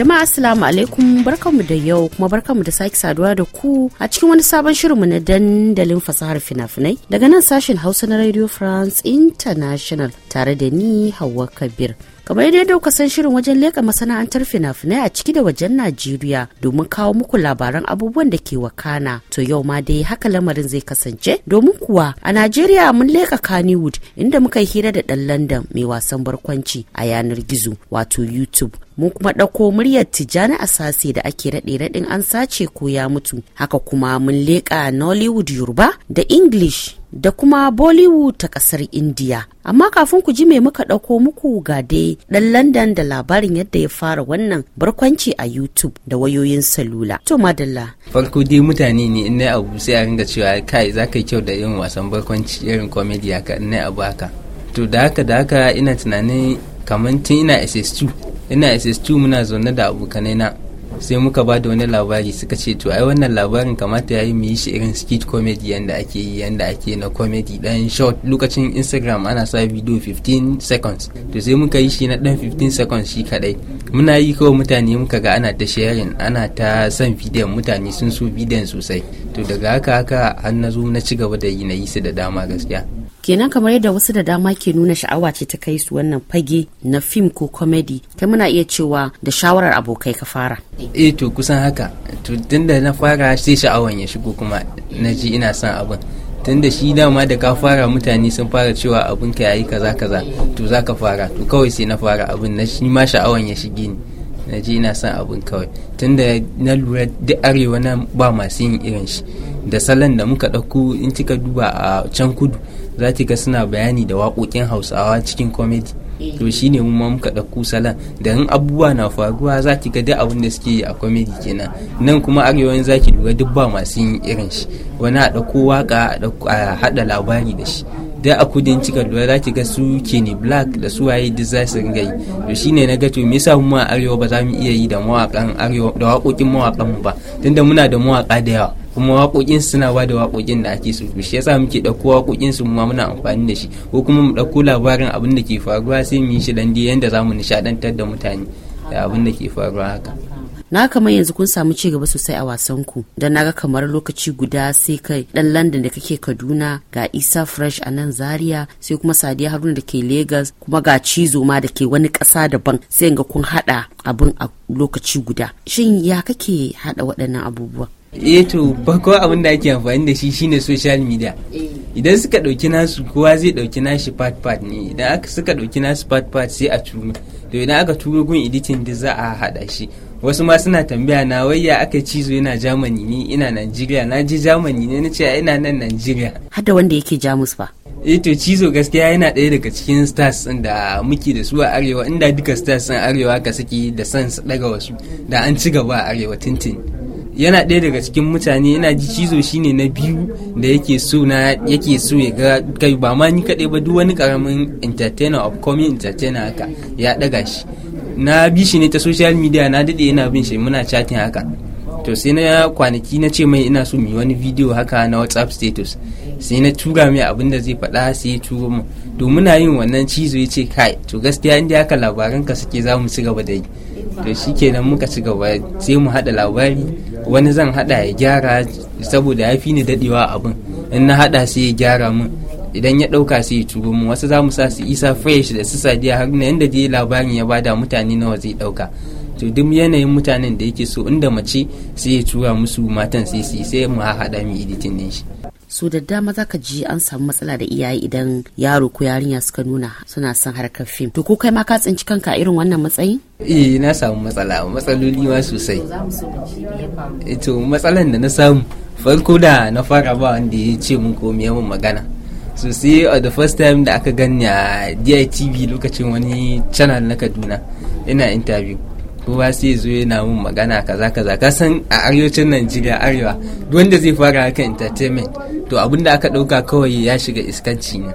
Jama'a Assalamu alaikum barkanmu da yau kuma barkanmu da sake saduwa da ku a cikin wani sabon shirin mu na dandalin fasahar fina-finai daga nan sashen Hausa na Radio France International tare da ni Hauwa Kabir. kamar yadda dauka san shirin wajen leka masana'antar fina-finai a ciki da wajen najeriya domin kawo muku labaran abubuwan da ke wakana to yau ma dai haka lamarin zai kasance domin kuwa a najeriya mun leka kannywood inda muka yi hira da dan london mai wasan barkwanci a yanar gizo wato youtube mu kuma ɗauko muryar Tijjani Asase da ake raɗe raɗin an sace ko ya mutu. Haka kuma mun leƙa Nollywood Yoruba da English da kuma Bollywood ta ƙasar India. Amma kafin ku ji me muka ɗauko muku ga dai ɗan London da labarin yadda ya fara wannan barkwanci a YouTube da wayoyin salula. To madalla. Farko dai mutane ne in abu sai a ringa cewa kai za ka yi kyau da irin wasan barkwanci irin comedy haka in abu haka. To da haka da haka ina tunanin kamar tun ina ss2 ina ss2 muna zaune da abokanai na sai muka ba da wani labari suka ce to ai wannan labarin kamata ya yi mu yi shi irin skit comedy yanda ake yi yanda ake na comedy dan short lokacin instagram ana sa video 15 seconds to sai muka yi shi na dan 15 seconds shi kadai muna yi kawai mutane muka ga ana ta sharing ana ta son bidiyon mutane sun so bidiyon sosai to daga haka haka har na zo na ci gaba da yi na yi su da dama gaskiya kenan kamar yadda wasu da dama ke nuna sha'awa ce ta kai su wannan fage na fim ko komedi ta muna iya cewa da shawarar abokai ka fara eh to kusan haka to tunda na fara sai sha'awan ya shigo kuma na ji ina son abin tunda shi dama da ka fara mutane sun fara cewa abin ka yayi kaza kaza to za ka fara to kawai sai na fara abin na shi ma sha'awan ya shige ni na ji ina son abin kawai tunda na lura duk arewa na ba masu yin irin shi da salon da muka ɗauko in kika duba a can kudu za ki ga suna bayani da waƙoƙin hausawa cikin komedi eh. to shi ne mu muka ɗauku salon da in abubuwa na faruwa za ki ga duk abin da suke yi a komedi kenan nan kuma arewa za ki duba duk ba masu yin irin shi wani a ɗauko waka a haɗa labari da shi da a kudin cika lura za ki ga su kenny black da su waye duk za su ringa yi to shine na to me yasa mu a arewa ba za mu iya yi da mawakan arewa da waƙoƙin mawakan mu ba tunda muna da mawaka da yawa kuma wakokin suna ba da waƙoƙin da ake so shi yasa muke ɗauko waƙoƙin su ma muna amfani da shi ko kuma mu ɗauko labarin abin da ke faruwa sai mu yi shi dan yanda zamu nishadantar da mutane da abin da ke faruwa haka na kamar yanzu kun samu ci gaba sosai a wasan ku da na kamar lokaci guda sai kai dan london da kake kaduna ga isa fresh a nan zaria sai kuma sadiya haruna da ke lagos kuma ga cizo ma da ke wani kasa daban sai ga kun hada abin a lokaci guda shin ya kake hada waɗannan abubuwa eh to bako abin da ake amfani da shi shine social media eh. idan suka dauki nasu kowa zai ɗauki nashi part part ne idan aka suka ɗauki nasu part part sai a turo to idan aka turo gun editing da za a haɗa shi wasu ma suna tambaya na wayya aka cizo yana germany ne ina nigeria na je germany ne na ce ina nan nigeria hada wanda yake jamus ba eh to cizo gaskiya yana daya daga cikin stars ɗin da muke da su a arewa inda duka stars din arewa ka suke da sans daga wasu da an ci gaba a arewa tintin yana ɗaya daga cikin mutane yana ji cizo shine na biyu da yake so na yake so ya ga kai ba ma ni kaɗai ba duk wani karamin entertainer of coming entertainer haka ya ɗaga shi na bi shi ne ta social media na daɗe yana bin shi muna chatting haka to sai na kwanaki na ce mai ina so mu wani video haka na whatsapp status sai na tura mai abin da zai faɗa sai ya tura mu to muna yin wannan cizo ya ce kai to gaskiya inda haka labaran ka suke za mu ci gaba da yi to shikenan muka ci gaba sai mu haɗa labari wani zan hada ya gyara saboda ya fi ni dadewa abin in na hada sai ya gyara mun idan ya dauka sai ya turo mun wasu zamu sa su isa fresh da su sadiya har na yanda je labarin ya bada mutane nawa zai dauka to duk yanayin mutanen da yake so inda mace sai ya tura musu matan sai sai mu haɗa mu editing din shi so da dama za ka ji an samu matsala da iyaye idan yaro ko yarinya suka nuna suna son harkar fim to ko kai ma ka tsinci kanka irin wannan matsayin eh na samu matsala matsaloli ma sosai eh, to matsalan da na samu farko da na fara ba wanda ya ce mun ko me mun magana so sai a uh, the first time da aka gani a DITV lokacin wani channel na Kaduna ina interview kowa sai zo yana mun magana kaza kaza ka san a arewacin Najeriya arewa duk wanda zai fara haka entertainment to abin da aka dauka kawai ya shiga iskanci ne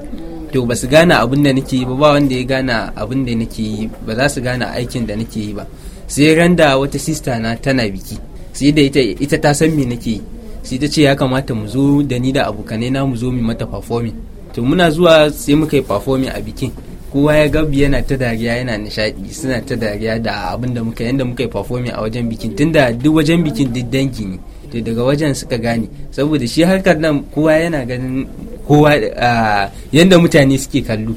to ba su gane abin da nake yi ba ba wanda ya gane abin da nake yi ba za su gane aikin da nake yi ba sai randa wata sista na tana biki sai da ita ita ta san me nake yi sai ta ce ya kamata mu zo da ni da abokanai na mu zo mu mata performing to muna zuwa sai muka yi performing a bikin kowa ya ga yana ta dariya yana nishaɗi suna ta dariya da abin da muka yanda muka yi performing a wajen bikin tunda duk wajen bikin duk dangi ne to daga wajen suka gane saboda shi harkar nan kowa yana ganin kowa yanda mutane suke kallo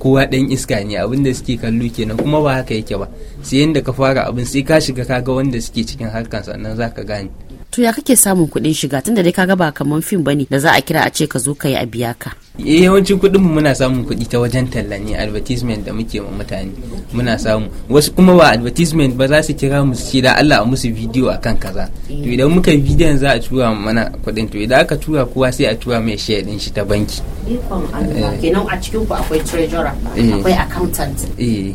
kowa dan iska ne abin da suke kallo kenan kuma ba haka yake ba sai yanda ka fara abin sai ka shiga ka ga wanda suke cikin harkar sannan zaka gane to ya kake samun kuɗin shiga tunda dai kaga ba kamar fim bane da za a kira a ce ka zo ka yi a biya ka Eh, yawancin kuɗin mu muna samun kuɗi ta wajen talla ne advertisement da muke ma mutane muna samu wasu kuma ba advertisement ba za su kira mu ce da Allah a musu bidiyo akan kaza to idan muka yi bidiyon za a tura mana kuɗin to idan aka tura kowa sai a tura mai share din shi ta banki eh. kenan a cikin ku akwai treasurer eh. akwai accountant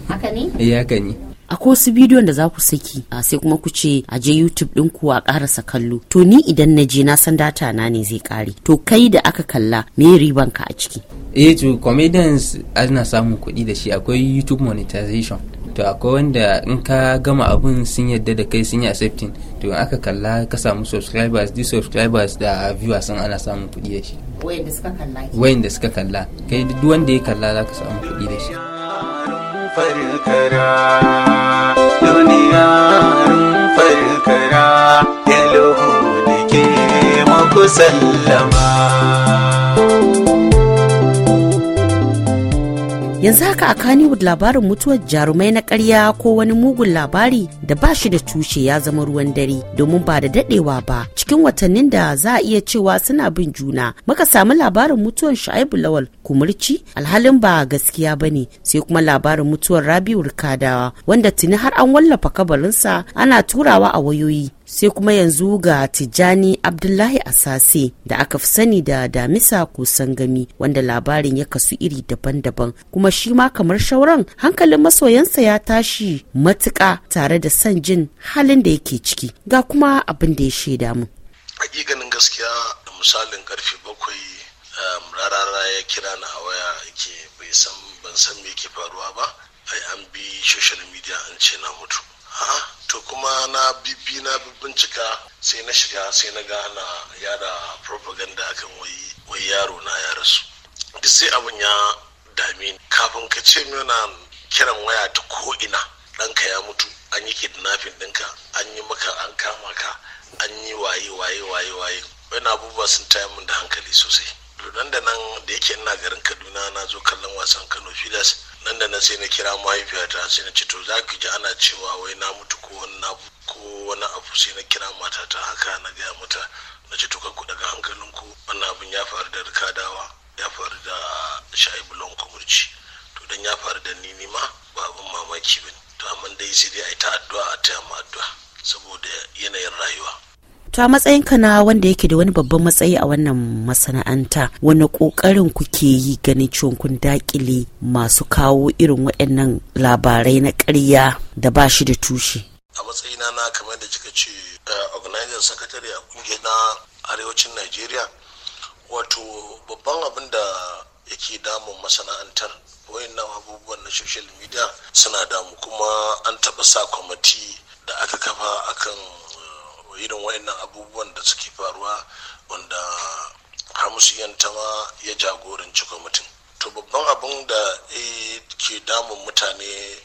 haka ne eh haka ne akwai wasu bidiyon da za ku saki a sai kuma ku ce a je youtube din ku a karasa kallo to ni idan na je na san data na ne zai kare to kai da aka kalla me riban ka a ciki eh to comedians ana samun kuɗi da shi akwai youtube monetization to akwai wanda in ka gama abun sun yadda da kai sun yi accepting to in aka kalla ka samu subscribers di subscribers da viewers sun ana samun kuɗi da shi wayanda suka kalla kai duk wanda ya kalla za ka samu kuɗi da shi farin kara duniya farin kara ya lohu da ke muku sallama yanzu haka a Kannywood labarin mutuwar jarumai na karya ko wani mugun labari da ba shi da tushe ya zama ruwan dare domin ba da daɗewa ba cikin watannin da za a iya cewa suna bin juna muka samu labarin mutuwar Shu'aibu Lawal kumurci alhalin ba gaskiya ba ne sai kuma labarin mutuwar Rabiu Rikadawa wanda tuni har an wallafa kabarinsa ana turawa a wayoyi sai kuma yanzu ga tijjani abdullahi asase da aka fi sani da damisa kusan gami wanda labarin ya kasu iri daban-daban kuma shi ma kamar shauran hankalin masoyansa ya tashi matuƙa tare da son jin halin da yake ciki ga kuma abin da ya shaida mu hakikanin gaskiya da misalin karfe bakwai um, rarara ya kira na waya ke bai san ban san me ke faruwa ba ai an bi social media an ce na mutu ha to kuma na bibi na bincika sai na shiga sai na gana ya yada propaganda akan wai wai yaro na ya rasu duk sai abin ya dami kafin ka ce mina kiran waya ta ko ina ɗanka ya mutu an yi kidnapping ɗinka an yi maka an kama ka an yi waye waye waye waye wani abubuwa sun taya min da hankali sosai nan da nan da yake ina garin kaduna na zo kallon wasan kano filas nan da nan sai na kira mahaifiyata sai na ce to za ki ji ana cewa wai na mutu ko wani ko wani abu sai na kira matata haka na gaya mata na ce to ka ku daga hankalinku wannan abin ya faru da rikadawa ya faru da sha'ibu lon kumurci to dan ya faru da ni ma ba abin mamaki bane to amma dai sai dai a ta addu'a a taya addu'a saboda yanayin rayuwa to a matsayin ka na wanda yake da wani babban matsayi a wannan masana'anta wani kokarin kuke yi ganin cewa kun dakile masu kawo irin waɗannan labarai na ƙarya da ba shi da tushe a matsayina na kamar da kika ce eh, organizing secretary a kungiyar na arewacin nigeria wato babban abin da yake damun masana'antar wayannan abubuwan na social media suna damu kuma an taɓa sa kwamiti da aka kafa akan irin wayannan abubuwan da suke faruwa wanda hamsu yantama ya jagoranci kwamitin to babban abin da eh, ke damun mutane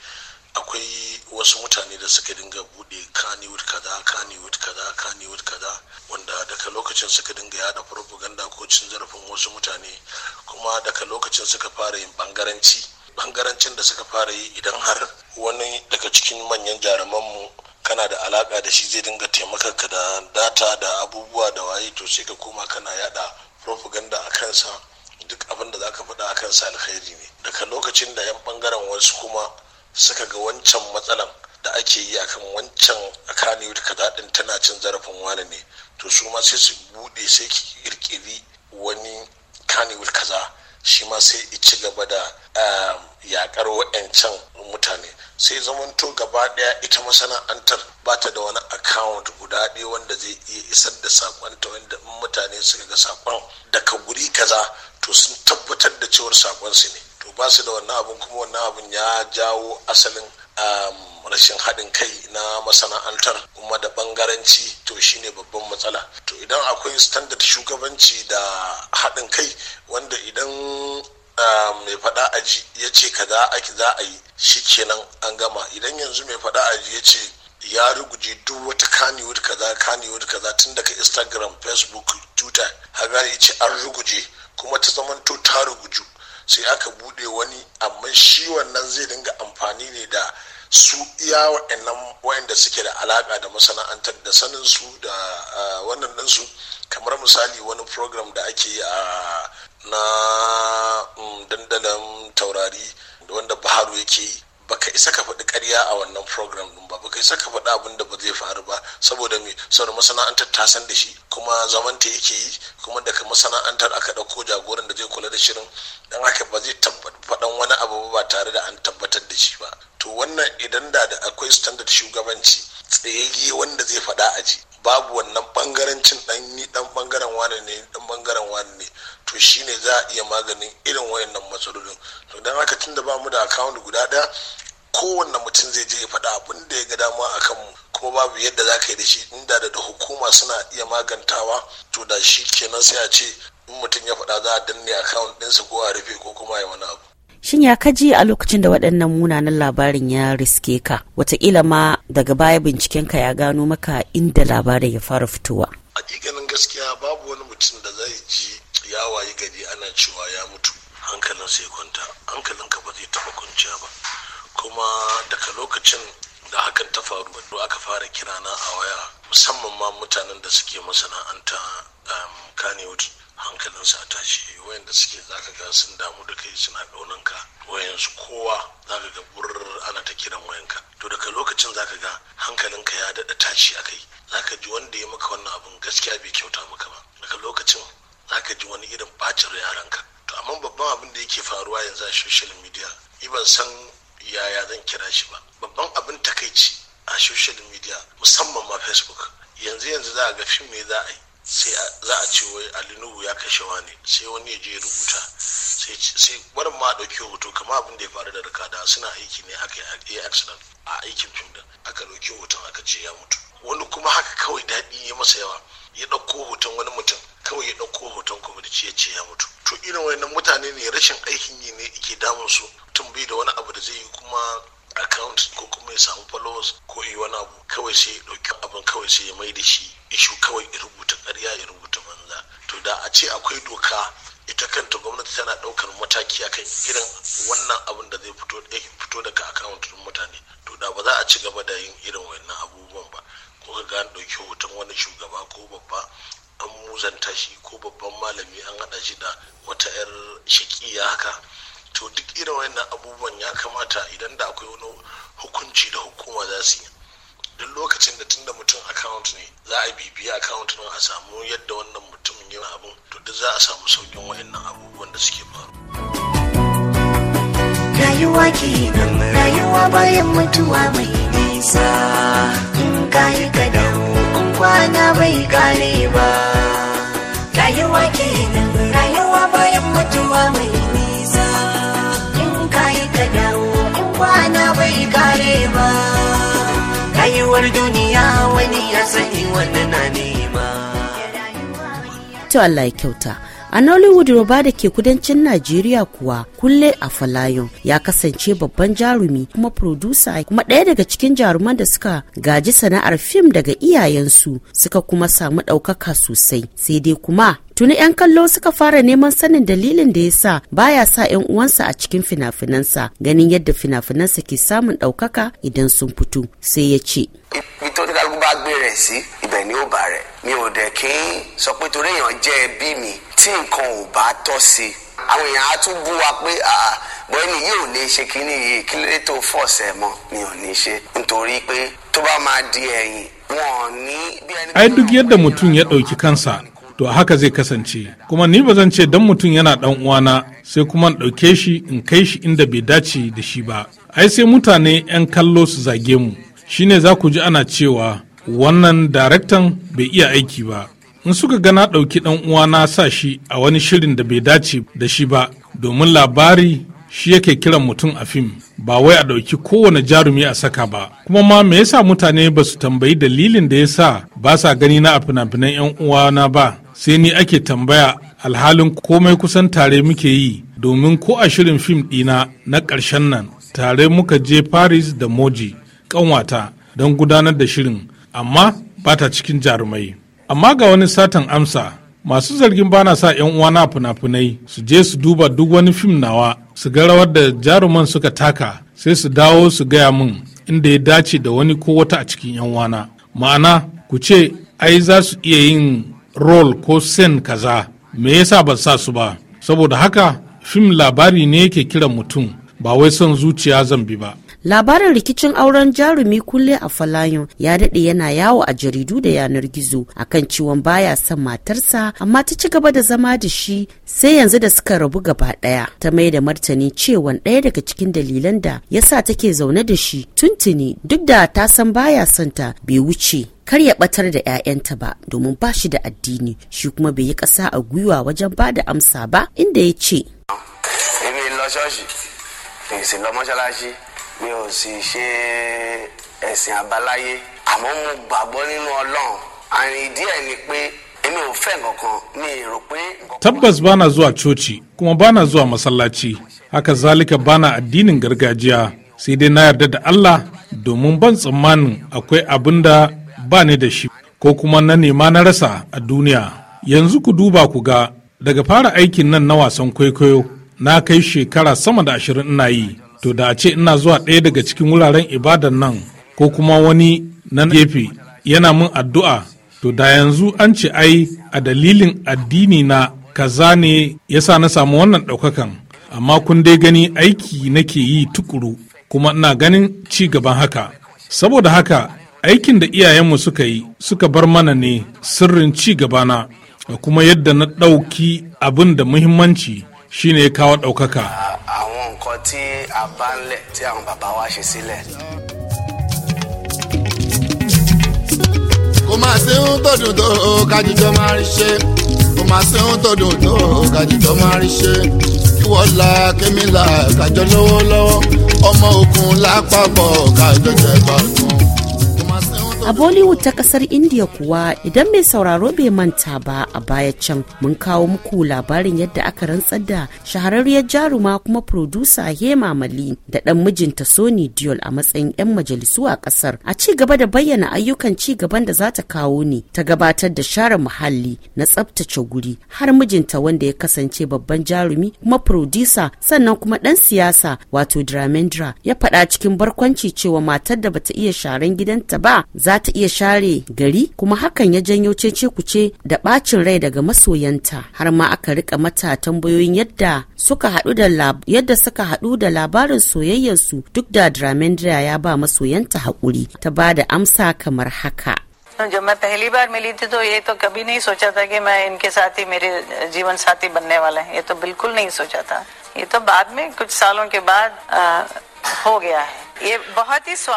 akwai wasu mutane da suka dinga bude kaniwood kaza kaniwood kaza kaniwood kaza wanda daga lokacin suka dinga yada propaganda ko cin zarafin wasu mutane kuma daga lokacin suka fara yin bangaranci bangarancin da suka fara yi idan har wani daga cikin manyan jarumanmu kana da alaka da shi zai dinga taimaka ka da data da abubuwa da waye to sai ka koma kana yada propaganda a kansa duk abin da zaka faɗa a kansa alkhairi ne daga lokacin da yan bangaren wasu kuma suka ga wancan matsalan da ake yi akan wancan akaniyu da din tana cin zarafin wani ne to su ma sai su bude sai ki kirkiri wani kaniyu kaza shi ma sai ci gaba da um, yakar wa'ancan mutane sai zamanto gaba daya ita masana'antar ba ta da wani account guda ɗaya wanda zai iya isar da sakonta ta wanda mutane suka ga sakon daga guri kaza to sun tabbatar da cewar sakon su ne to ba su da wannan abun kuma wannan abun ya jawo asalin rashin haɗin kai na masana'antar kuma da bangaranci to shine babban matsala to idan akwai standard shugabanci da haɗin kai wanda idan mai faɗa aji ya ce ka za a yi shi kenan an gama idan yanzu mai faɗa aji ya ce ya ruguje duk wata kaniwood kaza kaniwood kaza tun daga instagram facebook twitter haga ya ce an ruguje kuma ta zamanto ta ruguju sai aka bude wani amma shi wannan zai dinga amfani ne da su iya wa'annan wa'anda suke da alaka da masana'antar da sanin su da wannan su kamar misali wani program da ake yi a na mm, dandalin taurari wanda baharu yake yi baka isa ka faɗi ƙarya a wannan program ɗin ba baka isa ka faɗi abin da ba zai faru ba saboda me saboda masana'antar ta san da shi kuma zaman ta yake yi kuma daga masana'antar aka ɗauko jagoran da zai kula da shirin dan haka ba zai faɗan wani abu ba tare da an tabbatar da shi ba to wannan idan da akwai standard shugabanci tsayayye wanda zai faɗa a ji babu wannan bangarancin dan yi dan bangaren wani ne dan bangaren wani ne to shine za a iya maganin irin wayannan matsalolin to dan haka tunda ba mu da account guda daya kowanne mutum zai je ya faɗa abin da ya ga dama a kanmu kuma babu yadda za ka yi da shi inda da hukuma suna iya magantawa to da shi kenan sai a ce in mutum ya faɗa za a danne account ɗinsa ko a rufe ko kuma yi wani abu Shin ya kaji a lokacin da waɗannan munanan labarin ya riske ka? watakila ma daga baya bincikenka ya gano maka inda labarin ya fara fitowa. Hakikanin gaskiya babu wani mutum da zai ji ya wayi gari ana cewa ya mutu hankalin sai kwanta hankalin ka ba zai taɓa kwanciya ba kuma daga lokacin da hakan ta faru da aka fara kirana a waya musamman ma mutanen da suke masana'anta um, hankalinsu a tashi wayanda suke zaka ga sun damu da kai suna ɗaunan ka wayansu kowa zaka ga bur ana ta kiran wayanka to daga lokacin zaka ga hankalinka ya daɗa tashi a kai zaka ji wanda ya maka wannan abin gaskiya bai kyauta maka ba daga lokacin zaka ji wani irin bacin yaranka to amma babban abin da yake faruwa yanzu a social media ni ban san yaya zan kira shi ba babban abin takaici a social media musamman ma facebook yanzu yanzu za a ga fim me za a yi sai za a ce wai alinubu ya kashe wani sai wani ya je ya rubuta sai barin ma dauki hoto kama abin da ya faru da rikada suna aiki ne aka yi accident a aikin fim da aka dauki hoton aka ce ya mutu wani kuma haka kawai daɗi ya masa yawa ya ɗauko hoton wani mutum kawai ya ɗauko hoton kwamiti ya ce ya mutu to irin wani mutane ne rashin aikin yi ne ke damun su mutum bai da wani abu da zai yi kuma account ko kuma ya samu followers ko yi wani abu kawai sai ya ɗauki abin kawai sai ya mai da shi ishu kawai ya rubuta karya ya rubuta manza to da a ce akwai doka ita kanta gwamnati tana daukar mataki akan irin wannan abin da zai fito eh, daga account din mutane to da ba za a ci gaba da yin irin wannan abubuwan ba ko ka ga ɗauki hoton wani shugaba ko babba an muzanta shi ko babban malami an hada shi da wata 'yar shakiya haka to duk irin wannan abubuwan ya kamata idan da akwai wani hukunci da hukuma za su yi duk lokacin da tunda mutum account ne za a bibiya account nan a samu yadda wannan mutumin yana abu to duk za a samu saukin wayannan abubuwan da suke faru rayuwa kenan rayuwa bayan mutuwa mai nisa in kayi ka dawo in kwana bai kare ba rayuwa kenan rayuwa bayan mutuwa mai bai kare ba rayuwar duniya wani ya sani wannan na nema to Allah ya kyauta A Nollywood Roba da ke kudancin Najeriya kuwa kulle a Falayon ya kasance babban jarumi kuma produsa kuma ɗaya daga cikin jaruman da suka gaji sana'ar fim daga iyayensu suka kuma samu ɗaukaka sosai sai dai kuma tuni 'yan kallo suka fara neman sanin dalilin da ya sa baya sa 'yan uwansa a cikin fina-finansa ganin yadda finafinansa ke samun ɗaukaka idan sun fito sai ya ce bá gbé rẹ̀ sí ibẹ̀ ni ó bà rẹ̀ mi ò dẹ̀ kí n sọ pé torí èèyàn jẹ́ ẹbí mi tí nǹkan ò bá tọ́ sí àwọn èèyàn á tún bú wa pé bọ́ ẹni yìí ò lè ṣe kínní yìí kí lè tó fọ̀ fọ̀ọ̀sẹ̀ mọ́ mi ò ní ṣe nítorí pé tó bá máa di ẹ̀yìn wọn ní. yi duk yadda mutum ya ɗauki kansa to haka zai kasance kuma ni ba zan ce dan mutum yana dan uwana sai kuma ɗauke shi in kai shi inda bai dace da shi ba ai sai mutane 'yan kallo su zage mu shine za ku ji ana cewa wannan daraktan bai iya aiki ba in suka gana ɗauki ɗan uwana sa shi a wani shirin da bai dace da shi ba domin labari shi yake kiran mutum a fim ba wai a ɗauki kowane jarumi a saka ba kuma ma me yasa mutane ba su tambayi dalilin da ya sa ba sa gani na a fina-finan 'yan uwana ba sai ni ake tambaya alhalin komai kusan tare muke yi domin ko a shirin fim ɗina na ƙarshen nan tare muka je paris da moji ƙanwata don gudanar da shirin amma ba ta cikin jarumai amma ga wani satan amsa masu zargin bana sa 'yan uwana fina-finai su je su duba duk wani fim nawa su ga rawar da jaruman suka taka sai su dawo su gaya min inda ya dace da wani ko wata a cikin 'yan uwana ma'ana ku ce ai za su iya yin rol ko sen kaza me yasa ba sa su ba saboda haka fim labari ne yake kiran mutum ba wai son zuciya zambi ba Labarin rikicin auren jarumi kulle a Falayon ya daɗe yana yawo a jaridu da yanar gizo akan ciwon baya son matarsa amma ta ci gaba da zama da shi sai yanzu da suka rabu gaba ɗaya ta mai da martani cewan ɗaya daga cikin dalilan da yasa take zaune da shi tuntuni duk da ta san baya son ta bai wuce kar ya batar da 'ya'yanta ba domin ba shi da addini shi kuma bai yi ƙasa a gwiwa wajen ba da amsa ba inda ya ce. mi ò sì ṣe ẹ̀sìn àbáláyé àmọ́ mo gbàgbọ́ nínú ọlọ́run àrùn ìdí ni pé èmi ò fẹ́ kankan ní èrò pé. tabbas bana zuwa coci kuma bana zuwa masallaci haka zalika bana addinin gargajiya sai dai na yarda da allah domin ban tsammanin akwai abin da ba ni da shi ko kuma na nema na rasa a duniya yanzu ku duba ku ga daga fara aikin nan na wasan kwaikwayo na kai shekara sama da ashirin ina yi to da a ce ina zuwa ɗaya daga cikin wuraren ibadan nan ko kuma wani na gefe yana min addu'a to da yanzu an ce ai a dalilin addini na kaza ne sa na samu wannan ɗaukakan amma kun dai gani aiki nake yi tukuru kuma ina ganin ci gaban haka saboda haka aikin da iyayenmu suka yi suka bar mana ne sirrin ci gabana da kuma yadda na ɗauki abin da muhimmanci shine ya kawo ɗaukaka. nǹkan tí a bá ń lẹ̀ tí àwọn bàbá wa ṣe sílẹ̀. kò máa ṣe ń tọdún tó kájíjọ máa rí ṣe kò máa ṣe ń tọdún tó kájíjọ máa rí ṣe kíwọ́ la kémi la kájọ lọ́wọ́lọ́wọ́ ọmọ òkun lápapọ̀ kájọ jẹ́ gbàgbọ́n. A Bollywood ta kasar India kuwa idan mai sauraro bai manta ba a baya can mun kawo muku labarin yadda aka rantsar da shahararriyar jaruma kuma produsa Hema Mali da dan mijinta Sony Diol a matsayin 'yan majalisu a kasar. A ci gaba da bayyana ayyukan ci gaban da za ta kawo ne ta gabatar da share muhalli na tsaftace guri har mijinta wanda ya kasance babban jarumi kuma produsa sannan kuma dan siyasa wato Dramendra ya faɗa cikin barkwanci cewa matar da bata iya sharan gidanta ba za za ta iya share gari kuma hakan ya janyo cece kuce da bacin rai daga masoyanta har ma aka rika mata tambayoyin yadda suka haɗu da yadda suka haɗu da labarin soyayyarsu duk da Dramendra ya ba masoyanta haƙuri ta ba da amsa kamar haka जब मैं पहली बार मिली थी तो ये तो कभी नहीं सोचा था कि मैं इनके साथ ही मेरे जीवन साथी बनने वाला है ये तो बिल्कुल नहीं सोचा था ये तो बाद में कुछ सालों के बाद आ, हो गया है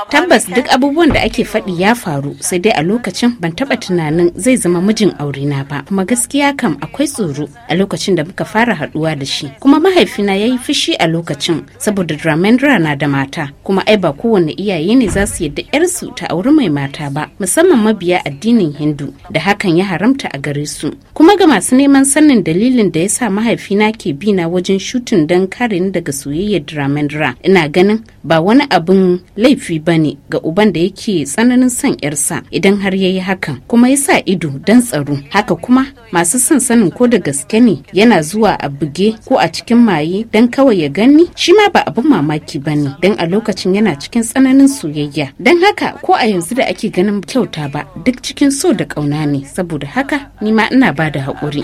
Tabbas duk abubuwan da ake faɗi ya faru sai dai a lokacin ban taɓa tunanin zai zama mijin aurena ba kuma gaskiya kam akwai tsoro a lokacin da muka fara haɗuwa da shi kuma mahaifina ya yi fushi a lokacin saboda Dramendra na da mata kuma ai ba kowane iyaye ne za su yadda yarsu ta auri mai mata ba musamman mabiya addinin Hindu da hakan ya haramta a gare su kuma ga masu neman sanin dalilin da ya sa mahaifina ke bina wajen shutin don kare ni daga soyayyar Dramendra ina ganin ba wani abu abin laifi ba ne ga uban da yake tsananin son yarsa idan har ya yi hakan kuma ya sa ido don tsaro haka kuma masu son sanin ko da gaske ne yana zuwa a buge ko a cikin maye don kawai ya gani shi ma ba abin mamaki ba ne don a lokacin yana cikin tsananin soyayya don haka ko a yanzu da ake ganin kyauta ba duk cikin so da ƙauna ne saboda haka ni ma ina ba da haƙuri.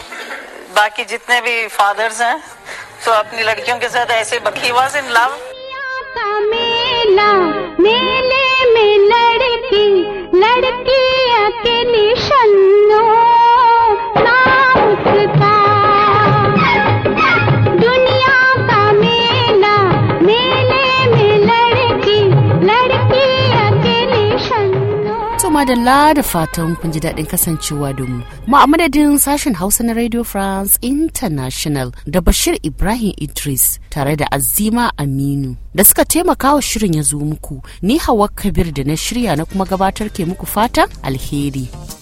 Baki मेला मेले में लड़की लड़की madalla da fatan kun ji daɗin kasancewa da mu. Mu sashen Hausa na Radio France International da Bashir Ibrahim Idris tare da Azima Aminu da suka taimaka wa shirin ya zo muku. Ni Hawa Kabir da na shirya na kuma gabatar ke muku fatan alheri.